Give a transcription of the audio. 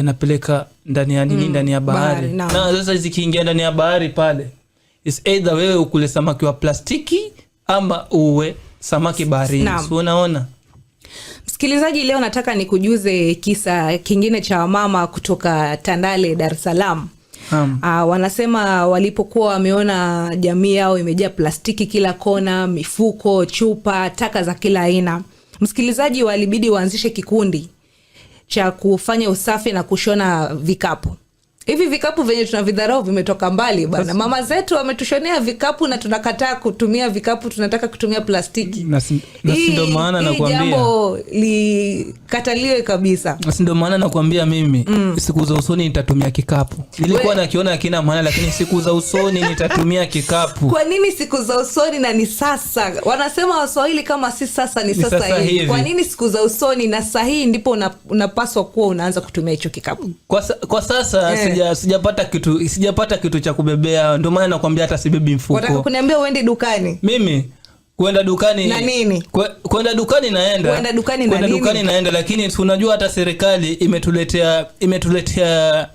yanapeleka ndani ya nini, mm, ndani ya bahari, na sasa zikiingia ndani ya bahari pale, is either wewe ukule samaki wa plastiki ama uwe samaki baharini, si unaona? Msikilizaji, leo nataka nikujuze kisa kingine cha mama kutoka Tandale, Dar es Salaam. Uh, wanasema walipokuwa wameona jamii yao imejaa plastiki kila kona, mifuko, chupa, taka za kila aina, msikilizaji, walibidi waanzishe kikundi cha kufanya usafi na kushona vikapu hivi vikapu venye tunavidharau vimetoka mbali bana. Mama zetu wametushonea vikapu na tunakataa kutumia vikapu, tunataka kutumia plastiki. Ndio maana nakwambia likataliwe kabisa. Ndio maana nakwambia mimi mm. siku za usoni nitatumia kikapu. Nilikuwa nakiona akina maana, lakini siku za usoni nitatumia kikapu. Kwa nini siku za usoni na ni sasa? Wanasema Waswahili kama si sasa ni sasa, sasa hivi. Kwa nini siku za usoni na sahihi ndipo unapaswa una kuwa unaanza kutumia hicho kikapu kwa, kwa sasa yeah sijapata kitu sijapata kitu cha kubebea, ndio maana nakwambia hata sibebi mfuko. kuniambia uende dukani? Mimi kwenda dukani na nini? Kwenda dukani naenda, kwenda dukani na nini? Dukani naenda, lakini unajua hata serikali imetuletea imetuletea